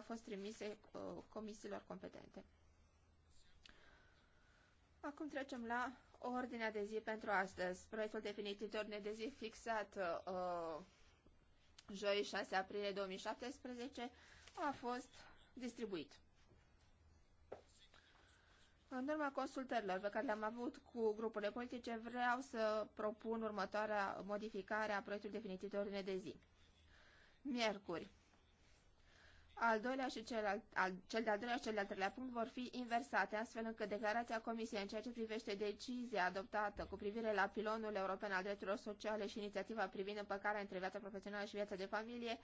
au fost trimise uh, comisiilor competente. Acum trecem la ordinea de zi pentru astăzi. Proiectul definitiv de ordine de zi fixat uh, joi 6 aprilie 2017 a fost distribuit. În urma consultărilor pe care le-am avut cu grupurile politice, vreau să propun următoarea modificare a proiectului definitiv de ordine de zi. Miercuri, al doilea și cel, al, al, cel de-al doilea și cel de-al treilea punct vor fi inversate, astfel încât declarația Comisiei în ceea ce privește decizia adoptată cu privire la pilonul european al drepturilor sociale și inițiativa privind împăcarea între viața profesională și viața de familie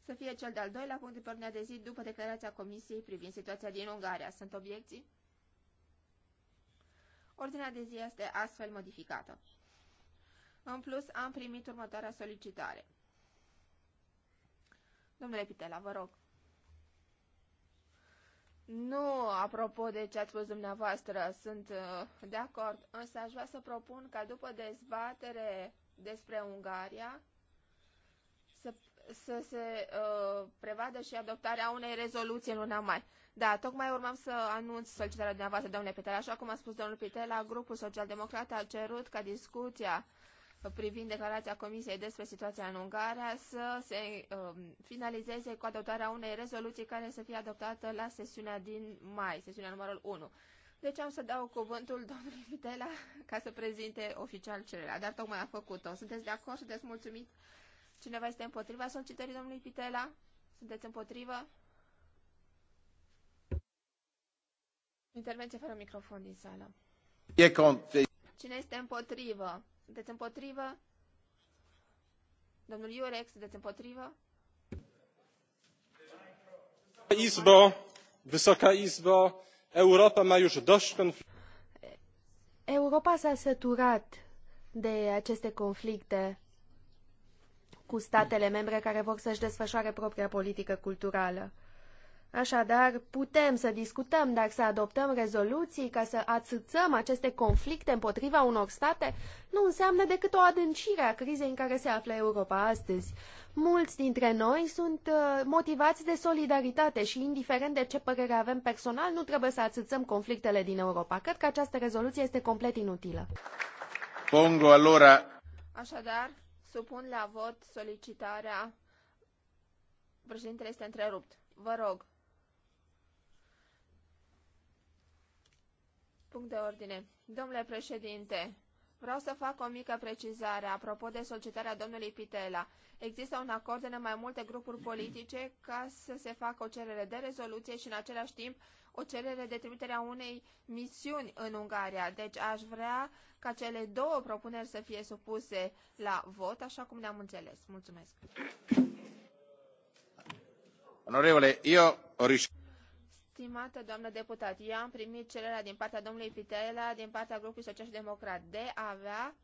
să fie cel de-al doilea punct de pe ordinea de zi după declarația Comisiei privind situația din Ungaria. Sunt obiecții? Ordinea de zi este astfel modificată. În plus, am primit următoarea solicitare. Domnule Pitela, vă rog. Nu, apropo de ce ați spus dumneavoastră, sunt uh, de acord, însă aș vrea să propun ca după dezbatere despre Ungaria să, să se uh, prevadă și adoptarea unei rezoluții în luna mai. Da, tocmai urmam să anunț solicitarea dumneavoastră, domnule Pitel. Așa cum a spus domnul Pitel, grupul social-democrat a cerut ca discuția uh, privind declarația Comisiei despre situația în Ungaria să se uh, finalizeze cu adoptarea unei rezoluții care să fie adoptată la sesiunea din mai, sesiunea numărul 1. Deci am să dau cuvântul domnului Vitela ca să prezinte oficial cererea, dar tocmai a făcut-o. Sunteți de acord? Sunteți mulțumit? Cineva este împotriva solicitării domnului Vitela? Sunteți împotrivă? Intervenție fără microfon din sală. Cine este împotrivă? Sunteți împotrivă? Domnul Iurex, sunteți împotrivă? Izbo, Wysoka Izbo, Europa mai już dość Europa s-a săturat de aceste conflicte cu statele membre care vor să-și desfășoare propria politică culturală. Așadar, putem să discutăm, dar să adoptăm rezoluții ca să atâțăm aceste conflicte împotriva unor state nu înseamnă decât o adâncire a crizei în care se află Europa astăzi. Mulți dintre noi sunt uh, motivați de solidaritate și, indiferent de ce părere avem personal, nu trebuie să atâțăm conflictele din Europa. Cred că această rezoluție este complet inutilă. Pongo, alora. Așadar, supun la vot solicitarea. Președintele este întrerupt. Vă rog. Punct de ordine. Domnule președinte, vreau să fac o mică precizare apropo de solicitarea domnului Pitela. Există un acord în mai multe grupuri politice ca să se facă o cerere de rezoluție și în același timp o cerere de trimitere a unei misiuni în Ungaria. Deci aș vrea ca cele două propuneri să fie supuse la vot, așa cum ne-am înțeles. Mulțumesc. Onorevole, eu Stimată doamnă deputat, eu am primit cererea din partea domnului Pitela, din partea grupului Social și Democrat, de a avea,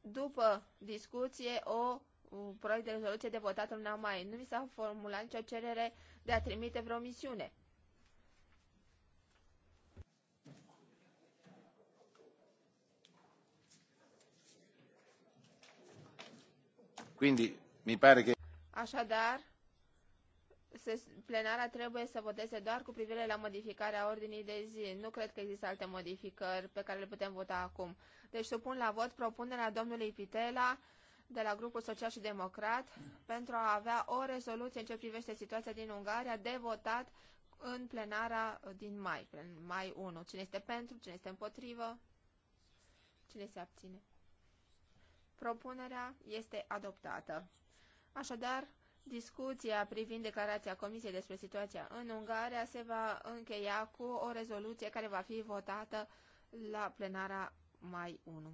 după discuție, o proiect de rezoluție de votat în luna mai. Nu mi s-a formulat nicio cerere de a trimite vreo misiune. Quindi, mi pare che... Așadar, se, plenara trebuie să voteze doar cu privire la modificarea ordinii de zi. Nu cred că există alte modificări pe care le putem vota acum. Deci supun la vot propunerea domnului Pitela de la grupul social și democrat pentru a avea o rezoluție în ce privește situația din Ungaria de votat în plenara din mai, în mai 1. Cine este pentru, cine este împotrivă, cine se abține. Propunerea este adoptată. Așadar, Discuția privind declarația Comisiei despre situația în Ungaria se va încheia cu o rezoluție care va fi votată la plenara mai 1.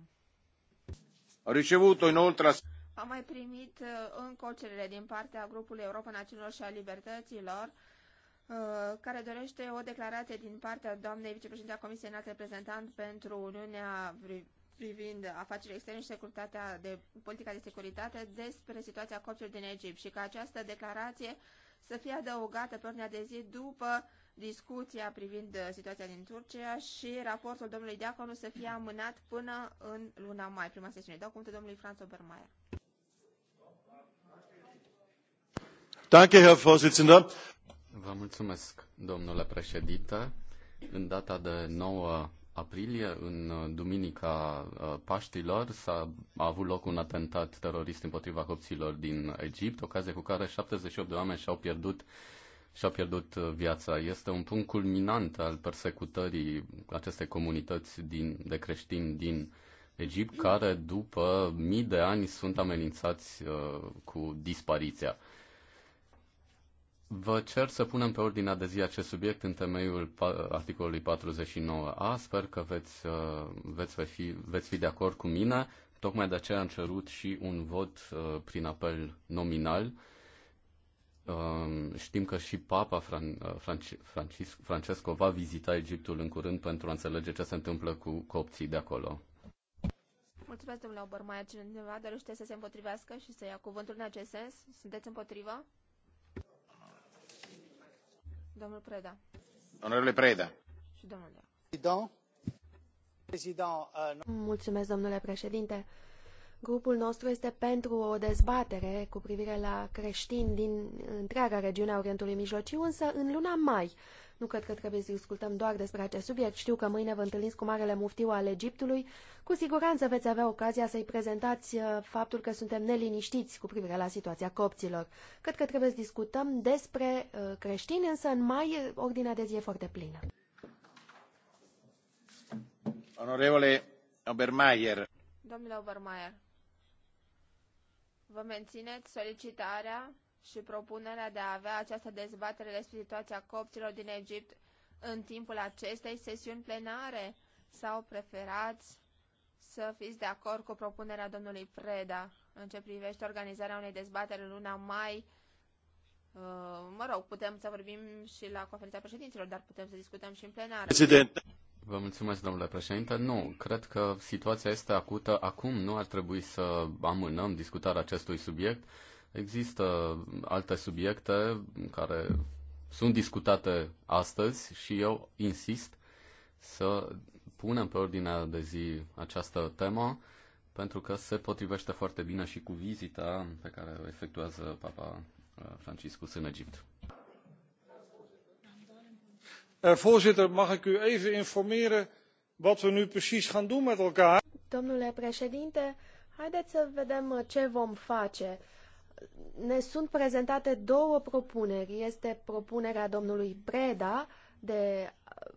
A ricevuto inoltre... Am mai primit uh, încă o cerere din partea grupului Europa Națiunilor și a Libertăților uh, care dorește o declarație din partea doamnei vicepreședinte a Comisiei Înalt Reprezentant pentru Uniunea privind afacerile externe și securitatea de politica de securitate despre situația copților din Egipt și că această declarație să fie adăugată pe ordinea de zi după discuția privind uh, situația din Turcia și raportul domnului Diaconu să fie amânat până în luna mai, prima sesiune. Dau cuvântul domnului Franz Obermeier. Danke, Herr Vorsitzender. Vă mulțumesc, domnule președinte. În data de 9 aprilie, în uh, Duminica uh, Paștilor, s-a avut loc un atentat terorist împotriva copților din Egipt, ocazie cu care 78 de oameni și-au pierdut și au pierdut uh, viața. Este un punct culminant al persecutării acestei comunități din, de creștini din Egipt, care după mii de ani sunt amenințați uh, cu dispariția. Vă cer să punem pe ordinea de zi acest subiect în temeiul articolului 49a. Sper că veți, uh, veți, fi, veți fi de acord cu mine. Tocmai de aceea am cerut și un vot uh, prin apel nominal. Um, știm că și Papa Fran- uh, Fran- Francesco va vizita Egiptul în curând pentru a înțelege ce se întâmplă cu copții de acolo. Mulțumesc, domnule Obermaier. Cineva dorește să se împotrivească și să ia cuvântul în acest sens? Sunteți împotriva? Domnul Preda. Domnule Preda. Și domnul uh, Mulțumesc, domnule președinte Grupul nostru este pentru o dezbatere cu privire la creștini din întreaga regiune a Orientului Mijlociu, însă în luna mai. Nu cred că trebuie să discutăm doar despre acest subiect. Știu că mâine vă întâlniți cu Marele Muftiu al Egiptului. Cu siguranță veți avea ocazia să-i prezentați uh, faptul că suntem neliniștiți cu privire la situația copților. Cred că trebuie să discutăm despre uh, creștini, însă în mai ordinea de zi e foarte plină. Onorevole Obermeier. Domnule Obermeier, vă mențineți solicitarea și propunerea de a avea această dezbatere despre situația copților din Egipt în timpul acestei sesiuni plenare sau preferați să fiți de acord cu propunerea domnului Preda în ce privește organizarea unei dezbateri în luna mai? Uh, mă rog, putem să vorbim și la conferința președinților, dar putem să discutăm și în plenară. Vă mulțumesc, domnule președinte. Nu, cred că situația este acută acum. Nu ar trebui să amânăm discutarea acestui subiect. Există alte subiecte care sunt discutate astăzi și eu insist să punem pe ordinea de zi această temă pentru că se potrivește foarte bine și cu vizita pe care o efectuează Papa uh, Franciscus în Egipt. Eh, voorzitter mag ik u even informeren wat we nu precies gaan doen met elkaar? domnule președinte haideți să vedem eh, ce vom face. Ne sunt prezentate două propuneri. Este propunerea domnului Breda de eh,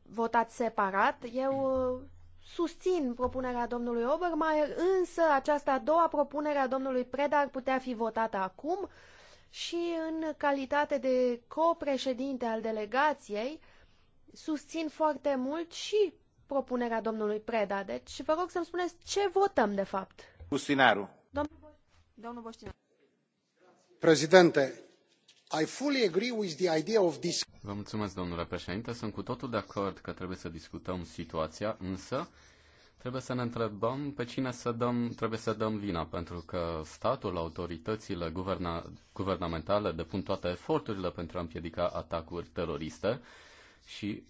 votat separat. Eu susțin propunerea domnului Obermeier, însă această a doua propunere a domnului Preda ar putea fi votată acum și în calitate de copreședinte al delegației, susțin foarte mult și propunerea domnului Preda. Deci vă rog să-mi spuneți ce votăm de fapt. Bustinaru. Domnul, Boștinaru. Președinte, I fully agree with the idea of this. Vă mulțumesc, domnule președinte. Sunt cu totul de acord că trebuie să discutăm situația, însă trebuie să ne întrebăm pe cine să dăm, trebuie să dăm vina, pentru că statul, autoritățile guverna, guvernamentale depun toate eforturile pentru a împiedica atacuri teroriste și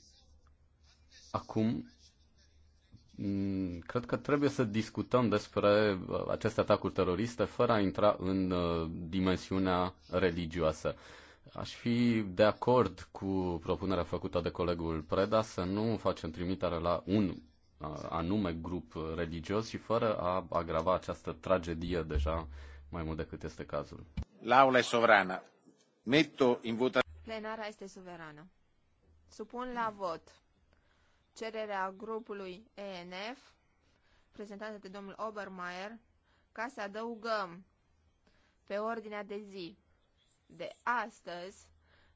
acum mm, cred că trebuie să discutăm despre uh, aceste atacuri teroriste fără a intra în uh, dimensiunea religioasă. Aș fi de acord cu propunerea făcută de colegul Preda să nu facem trimitere la un uh, anume grup religios și fără a agrava această tragedie deja mai mult decât este cazul. Laula e sovrană. Metto in votazione. Plenara este suverană. Supun la vot cererea grupului ENF, prezentată de domnul Obermeier, ca să adăugăm pe ordinea de zi de astăzi,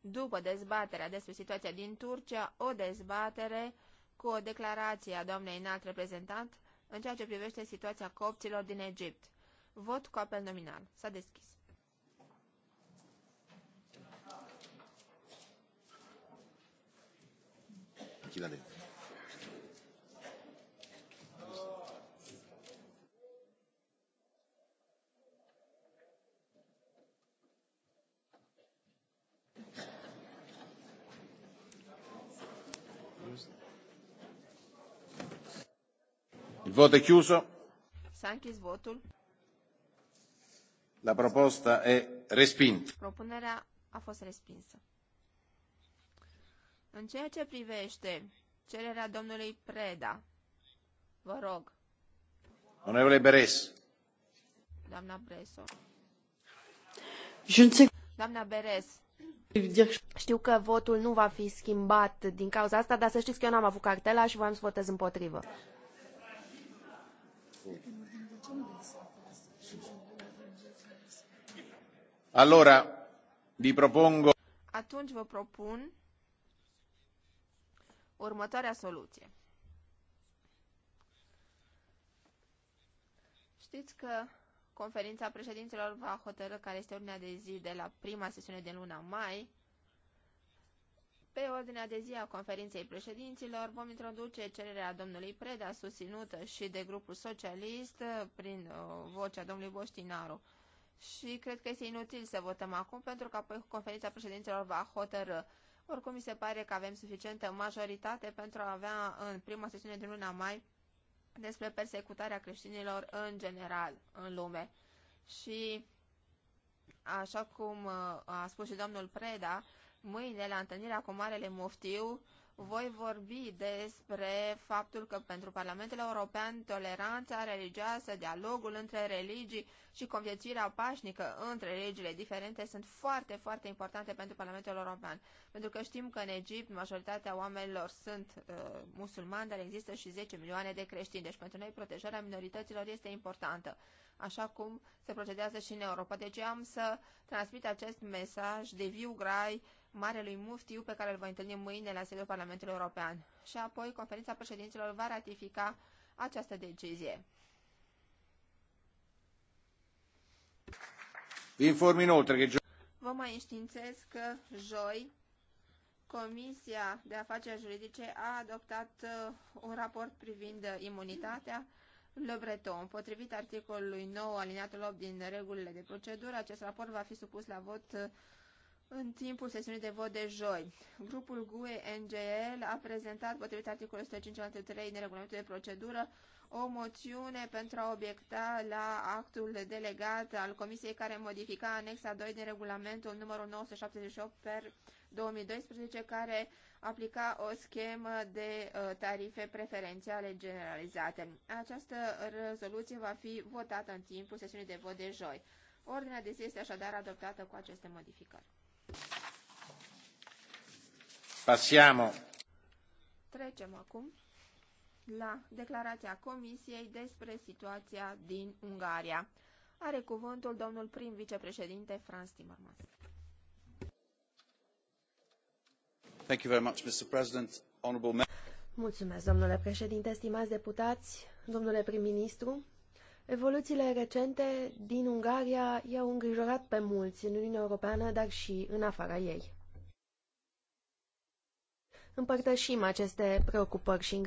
după dezbaterea despre situația din Turcia, o dezbatere cu o declarație a doamnei înalt reprezentant în ceea ce privește situația copților din Egipt. Vot cu apel nominal. S-a deschis. chi Il voto è chiuso. s votul. La proposta è respinta. Propunerea a fost respinsă. În ceea ce privește cererea domnului Preda, vă rog. Onorevole Beres. Doamna Breso. Doamna Beres, știu că votul nu va fi schimbat din cauza asta, dar să știți că eu n-am avut cartela și voiam să votez împotrivă. Allora, vi propongo... Atunci vă propun următoarea soluție. Știți că conferința președinților va hotărâ care este ordinea de zi de la prima sesiune din luna mai. Pe ordinea de zi a conferinței președinților vom introduce cererea domnului Preda, susținută și de grupul socialist prin uh, vocea domnului Boștinaru. Și cred că este inutil să votăm acum, pentru că apoi conferința președinților va hotărâ. Oricum, mi se pare că avem suficientă majoritate pentru a avea în prima sesiune din luna mai despre persecutarea creștinilor în general în lume. Și, așa cum uh, a spus și domnul Preda, mâine, la întâlnirea cu Marele Muftiu, voi vorbi despre faptul că pentru Parlamentul European toleranța religioasă, dialogul între religii și conviețuirea pașnică între religiile diferente sunt foarte, foarte importante pentru Parlamentul European. Pentru că știm că în Egipt majoritatea oamenilor sunt uh, musulmani, dar există și 10 milioane de creștini. Deci pentru noi protejarea minorităților este importantă, așa cum se procedează și în Europa. Deci eu am să transmit acest mesaj de viu grai Marelui Muftiu pe care îl voi întâlni mâine la sediul Parlamentului European. Și apoi conferința președinților va ratifica această decizie. Inform inoltre că Vă mai înștiințez că joi Comisia de Afaceri Juridice a adoptat uh, un raport privind imunitatea Le Breton. Potrivit articolului 9 aliniatul 8 din regulile de procedură, acest raport va fi supus la vot uh, în timpul sesiunii de vot de joi. Grupul GUE-NGL a prezentat, potrivit articolul 105 din regulamentul de procedură, o moțiune pentru a obiecta la actul delegat al Comisiei care modifica anexa 2 din regulamentul numărul 978 per 2012 care aplica o schemă de uh, tarife preferențiale generalizate. Această rezoluție va fi votată în timpul sesiunii de vot de joi. Ordinea de zi este așadar adoptată cu aceste modificări. Passiamo. Trecem acum la declarația Comisiei despre situația din Ungaria. Are cuvântul domnul prim vicepreședinte Franz Timmermans. Thank you very much, Mr. President. Honorable... Mulțumesc, domnule președinte, stimați deputați, domnule prim-ministru. Evoluțiile recente din Ungaria i-au îngrijorat pe mulți în Uniunea Europeană, dar și în afara ei. Împărtășim aceste preocupări și îngrijorări.